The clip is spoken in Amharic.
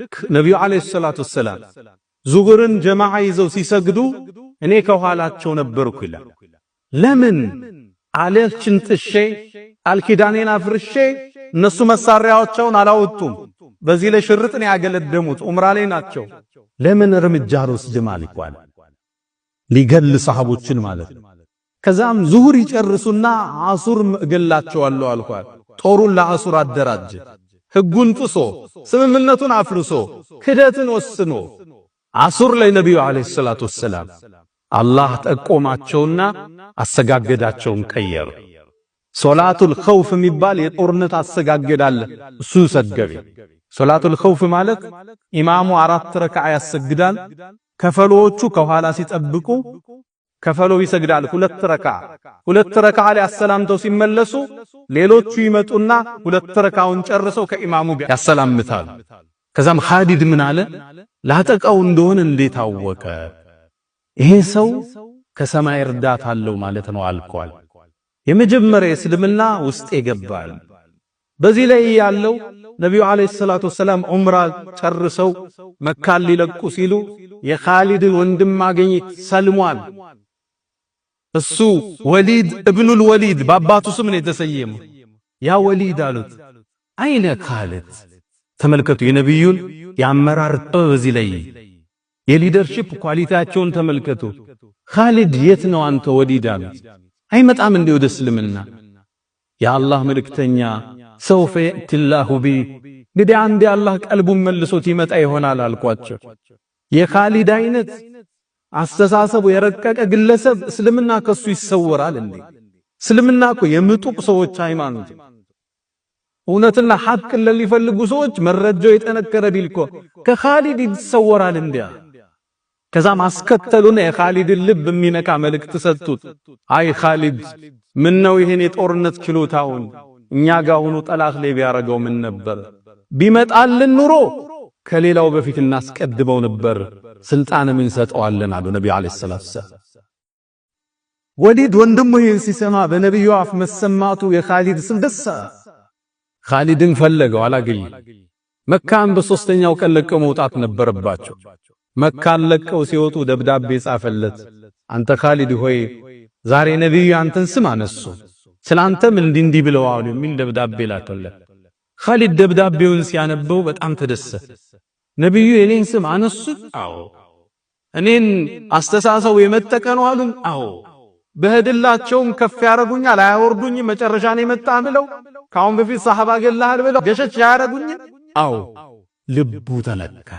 ልክ ነቢዩ ዓለይሂ ሰላቱ ወሰላም ዙሁርን ጀማዓ ይዘው ሲሰግዱ እኔ ከኋላቸው ነበርኩ ይላል። ለምን አለችን ጥሼ አልኪዳኔን አፍርሼ እነሱ መሳሪያዎቸውን አላወጡም። በዚህ ላይ ሽርጥ ነው ያገለደሙት። ዑምራ ላይ ናቸው። ለምን እርምጃ አልወስድም አልኳል። ሊገል ሰሃቦችን ማለት ነው። ከዛም ዙሁር ይጨርሱና አሱር እገላቸዋለሁ አልኳል። ጦሩን ለአሱር አደራጀ። ሕጉን ጥሶ ስምምነቱን አፍርሶ ክደትን ወስኖ አሱር ላይ ነቢዩ ዓለይሂ ሰላቱ ወሰላም አላህ ጠቆማቸውና አሰጋገዳቸውን ቀየሩ። ሶላቱል ኸውፍ የሚባል የጦርነት አሰጋገዳል እሱ ሰገቤ ሶላቱል ኸውፍ ማለት ኢማሙ አራት ረክዓ ያሰግዳል። ከፈሎቹ ከኋላ ሲጠብቁ ከፈሎ ይሰግዳል ሁለት ረክዓ ሁለት ረክዓ ላይ አሰላምተው ሲመለሱ ሌሎቹ ይመጡና ሁለት ረካውን ጨርሰው ከኢማሙ ጋር ያሰላምታል። ከዛም ኻሊድ ምን አለ ላጠቃው እንደሆነ እንዴት አወቀ? ይሄ ሰው ከሰማይ እርዳታ አለው ማለት ነው አልኳል። የመጀመሪያ እስልምና ውስጥ ይገባል። በዚህ ላይ ያለው ነቢዩ አለይሂ ሰላቱ ወሰላም ዑምራ ጨርሰው መካን ሊለቁ ሲሉ የኻሊድን ወንድም ማግኘት ሰልሟል እሱ ወሊድ እብኑል ወሊድ በአባቱ ስም ነው የተሰየመው። ያ ወሊድ አሉት አይነ ካለት። ተመልከቱ የነቢዩን የአመራር ጥበብ በዚህ ላይ የሊደርሺፕ ኳሊቲያቸውን ተመልከቱ። ካሊድ የት ነው አንተ ወሊድ አሉት። አይመጣም እንዴ ወደ እስልምና? የአላህ መልእክተኛ ሰውፈ የእቲላሁ ቢ እንግዲህ አንድ የአላህ ቀልቡን መልሶት ይመጣ ይሆናል አልኳቸው። የካሊድ አይነት አስተሳሰቡ የረቀቀ ግለሰብ እስልምና ከሱ ይሰወራል እንዴ? እስልምና እኮ የምጡቅ ሰዎች ሃይማኖት፣ እውነትና ሐቅን ለሚፈልጉ ሰዎች መረጃው የጠነከረ ዲል እኮ ከኻሊድ ይሰወራል እንዴ? ከዛ ማስከተሉና የኻሊድን ልብ የሚነካ መልእክት ሰጡት። አይ ኻሊድ ምን ነው ይሄን የጦርነት ችሎታውን እኛ ጋር ሆኖ ጠላት ላይ ቢያረገው ምን ነበር? ቢመጣልን ኑሮ ከሌላው በፊት እናስቀድመው ነበር። ስልጣንም እንሰጠዋለን አሉ ነብዩ አለይሂ ሰላቱ ሰላም። ወሊድ ወንድሙ ይህን ሲሰማ በነቢዩ አፍ መሰማቱ የኻሊድ ስም ደስ ኻሊድን ፈለገው፣ አላገኘ። መካን በሶስተኛው ቀን ለቀው መውጣት ነበረባቸው። መካን ለቀው ሲወጡ ደብዳቤ ጻፈለት። አንተ ኻሊድ ሆይ ዛሬ ነቢዩ አንተን ስም አነሱ፣ ስላንተም እንዲህ እንዲህ ብለዋል የሚል ደብዳቤ ላከለት። ኻሊድ ደብዳቤውን ሲያነበው በጣም ተደሰተ። ነቢዩ የኔን ስም አነሱት? አዎ። እኔን አስተሳሰቡ የመጠቀኑ አሉን አዎ። በህድላቸውም ከፍ ያረጉኛል፣ አያወርዱኝ። መጨረሻ ነው የመጣ ብለው ከአሁን በፊት ሰሐባ ገላሃል ብለው ገሸች ያረጉኝ አዎ። ልቡ ተነካ።